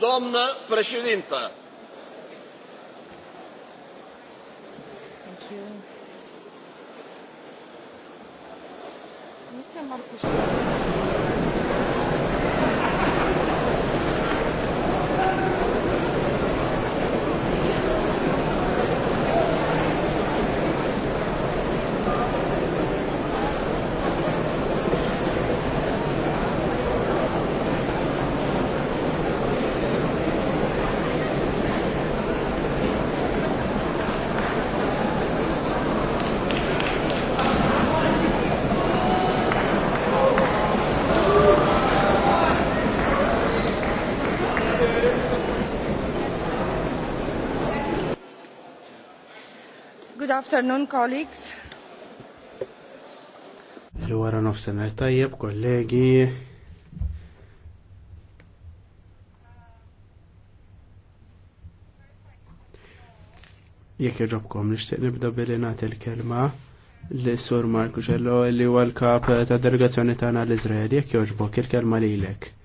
Domna Presidenta. Thank you. Mr. Marcus. Good afternoon, colleagues. L-wara nofsenar tajjeb, kollegi. Jekk irrobkom nixtieq nibda billi nagħti l-kelma li sur Marku Ġello li huwa l-kap ta' delegazzjoni tagħna l-Iżrael jekk jogħġbok il-kelma lilek.